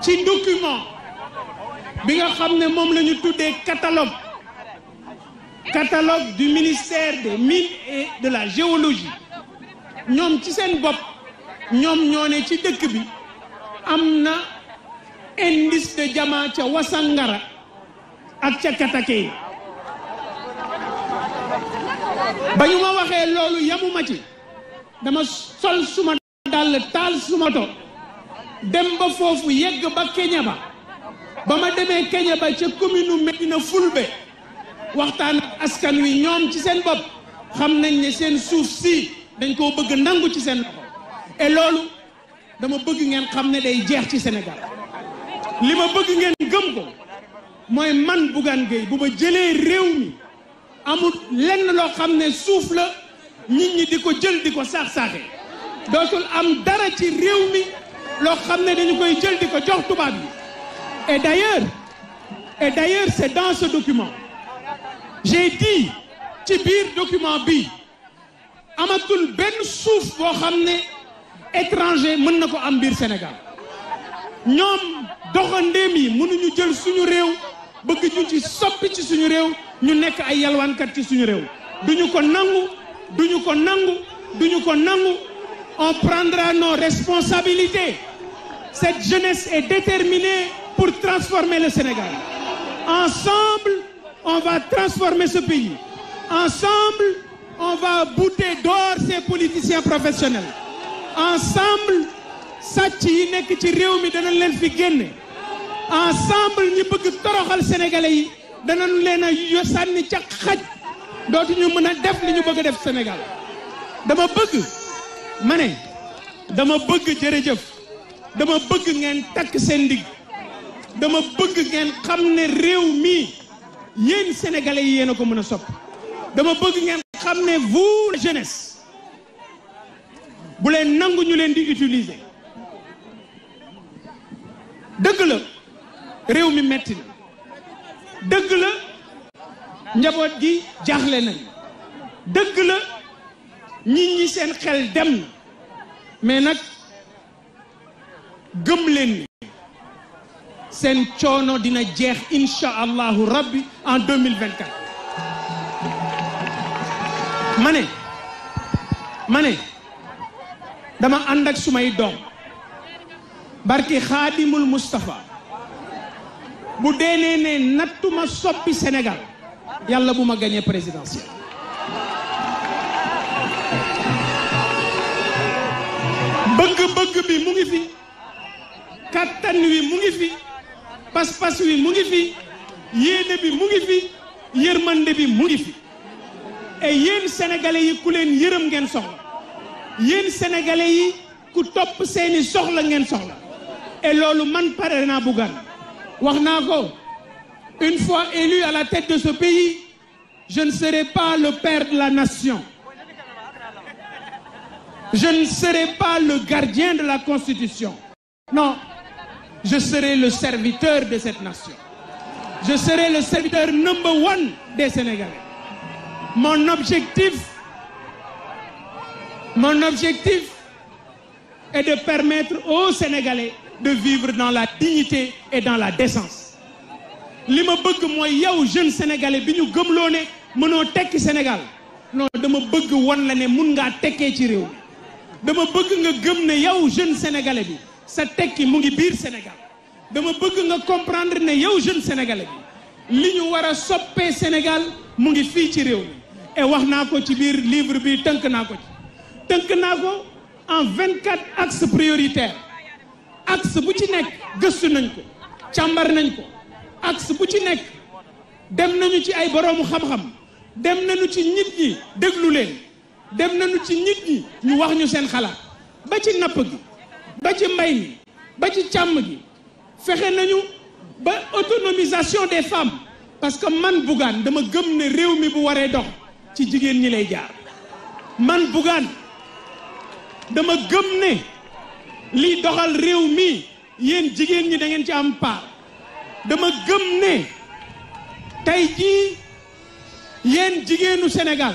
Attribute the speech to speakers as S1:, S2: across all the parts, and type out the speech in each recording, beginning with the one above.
S1: ci document bi nga xamné catalogue catalogue du ministère des mines et de la géologie ñom ci sen bop ci dëkk bi indice de Wasangara ak ci katake ma yamuma ci dama sol dem ba foofu yegg ba Kéñaba ba ma demee Kéñaba ca commune Medina Fulbe waxtaan ak askan wi ñoom ci seen bopp xam nañ ne seen suuf si dañ koo bëgg nangu ci seen loxo et loolu dama bëgg ngeen xam ne day jeex ci Sénégal li ma bëgg ngeen gëm ko mooy man Bougane Gueye bu ma jëlee réew mi amul lenn loo xam ne suuf la nit ñi di ko jël di ko saax saaxee dootul am dara ci réew mi loo de ne dañu koy jël di ko jox tubaab yi et d'ailleurs et d'ailleurs c'est dans ce document j'ai dit ci biir document bi amatul Ben Souf bo xam étranger mën ko am bir Sénégal ñoom doxandéem yi ñu jël suñu réew bëgg ñu ci soppi ci suñu réew ñu nekk ay kat ci suñu réew duñu ko nangu duñu ko nangu duñu ko nangu on prendra nos responsabilités. Cette jeunesse est déterminée pour transformer le Sénégal. Ensemble, on va transformer ce pays. Ensemble, on va bouter dehors ces politiciens professionnels. Ensemble, nous qui nekk au milieu nous pouvons Ensemble, fi ensemble sénégalais yi xaj de Sénégal mané dama bëgg jërëjëf dama bëgg ngeen tak seen dig dama bëgg ngeen xam ne réew mii yéen sénégalais yi yéen a ko mën a sopp dama bëgg ngeen xam ne vous la jeunesse bu leen nangu ñu leen di utiliser dëgg la réew mi metti na dëgg la njaboot gi jaaxle nañ dëgg la nit ñi seen xel dem mais gëm seen dina jeex incha rabbi en 2024 ma ne dama ànd ak sumay doom barki xaadimul Je bu deenee ne nattuma soppi Sénégal yàlla bu ma un dëgg bi mu ngi fi kattan wi mu ngi fi pas-pas wi mu ngi fi yéene bi mu ngi fi bi mu ngi fi et yéen sénégalais yi ku leen yërëm ngeen soxla yéen sénégalais yi ku topp seeni soxla ngeen soxla et loolu man pare naa buggaan wax naa une fois élu à la tête de ce pays je ne serai pas le père de la nation je ne serai pas le gardien de la Constitution. Non, je serai le serviteur de cette nation. Je serai le serviteur number one des Sénégalais. Mon objectif, mon objectif est de permettre aux Sénégalais de vivre dans la dignité et dans la décence. Ce ma bëgg mooy yow jeune sénégalais bi sénégalais. Je ne mënoo Sénégal non dama ne dama bëgg nga gëm ne yow jeune sénégalais bi sa tekki mu ngi biir Sénégal dama bëgg nga comprendre ne yow jeune sénégalais bi li ñu war a soppee Sénégal mu ngi fii ci réew mi et wax naa ko ci biir livre bi tënk naa ko ci tënk naa ko en vingt quatre axes prioritaires axe bu ci nekk gëstu nañ ko càmbar nañ ko axe bu ci nekk dem nañu ci ay boroomu xam-xam dem nañu ci nit ñi déglu leen dem nañu ci nit ñi ñu wax ñu seen xalaat ba ci napp gi ba ci mbay mi ba ci càmm gi fexe nañu ba autonomisation des femmes parce que man bugan dama gëm ne réew mi bu waree dox ci jigéen ñi lay jaar man bugan dama gëm ne li doxal réew mi yéen jigéen ñi da ngeen ci am part dama gëm ne tey jii yéen jigéenu Sénégal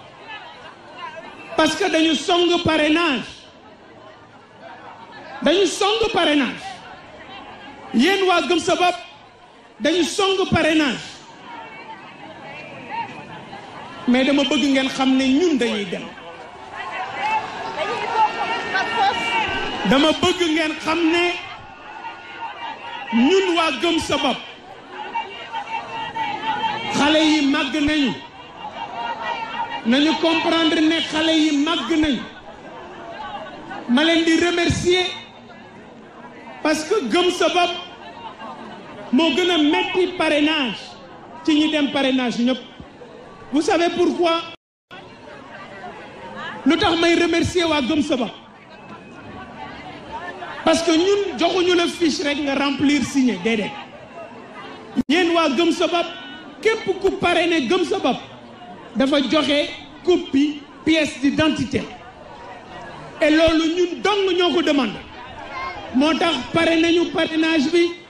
S1: parce que dañu de parrainage dañu de parrainage yéen comme ça sa bopp dañu parrainage mais de bëgg ngeen nous ne ñun dañuy dem dama bëgg ngeen ñun sa nañu comprendre ne xale yi mag remercier parce que gëm sa bopp parrainage dem parrainage vous savez pourquoi lu tax may remercier gëm parce que nous avons une fiche rek nga remplir signé déedéet ñeen waa gëm képp ku dafa joxe copie pièce d'identité et loolu ñun dong ñoo ko demande moo tax parrainage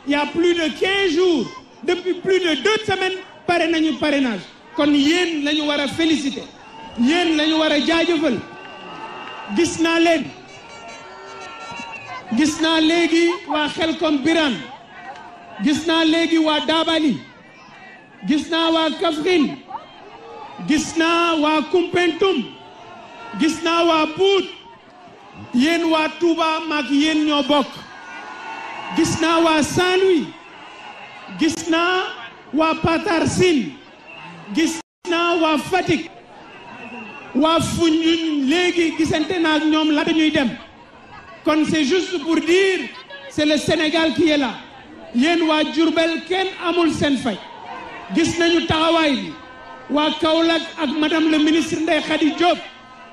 S1: il y a plus de 15 jours depuis plus de deux semaines nous nañu parrainage kon yéen Nous nous war féliciter yéen nous ñu war Gisna jaajëfal gis Xelkom Gisna wa Kumpentum gisna wa bout, Pout wa Touba mak yen ño bok gisna wa sanui gisna wa patarsin gisna wa fatik wa gis naa waa c'est juste pour dire c'est le Sénégal qui est là yen wa djurbel ken amul senfei, fay gis nañu waa Kaolack ak madame la ministre Ndeye Khady Diop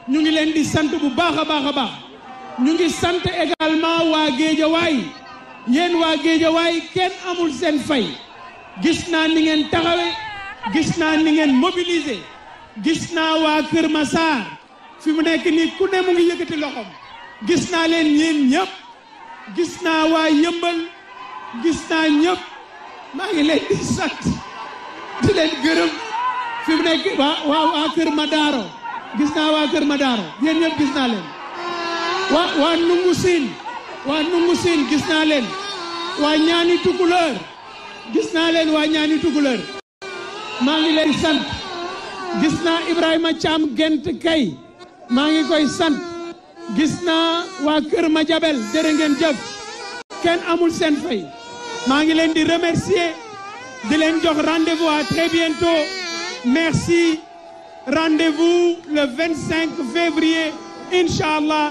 S1: ñu ngi leen di sant bu baax a baax a baax ñu ngi sant également waa Géejawaay yéen waa Géejawaay kenn amul seen fay gis naa ni ngeen taxawe gis naa ni ngeen mobiliser gis naa waa Kër Massar fi mu nekk nii ku ne mu ngi yëkkati loxoom gis naa leen yéen ñëpp gis naa waa Yëmbal gis naa ñëpp maa ngi leen di sant di leen gërëm. fi mu nekk waa waaw kër Madaro Gisna naa kër Madaro yéen ñëpp gis naa leen waa waa Nungu Siin waa Nungu Siin gis naa leen waa ñaani tukuleur gis naa leen ñaani tukuleur maa ngi leen sant Gisna naa Ibrahima Thiam gent kay maa ngi koy sant Gisna naa waa kër Madiabel jërë ngeen jëf kenn amul seen fay maa ngi leen di remercier di leen jox rendez-vous à très bientôt merci rendez-vous le 25 février Inch'Allah.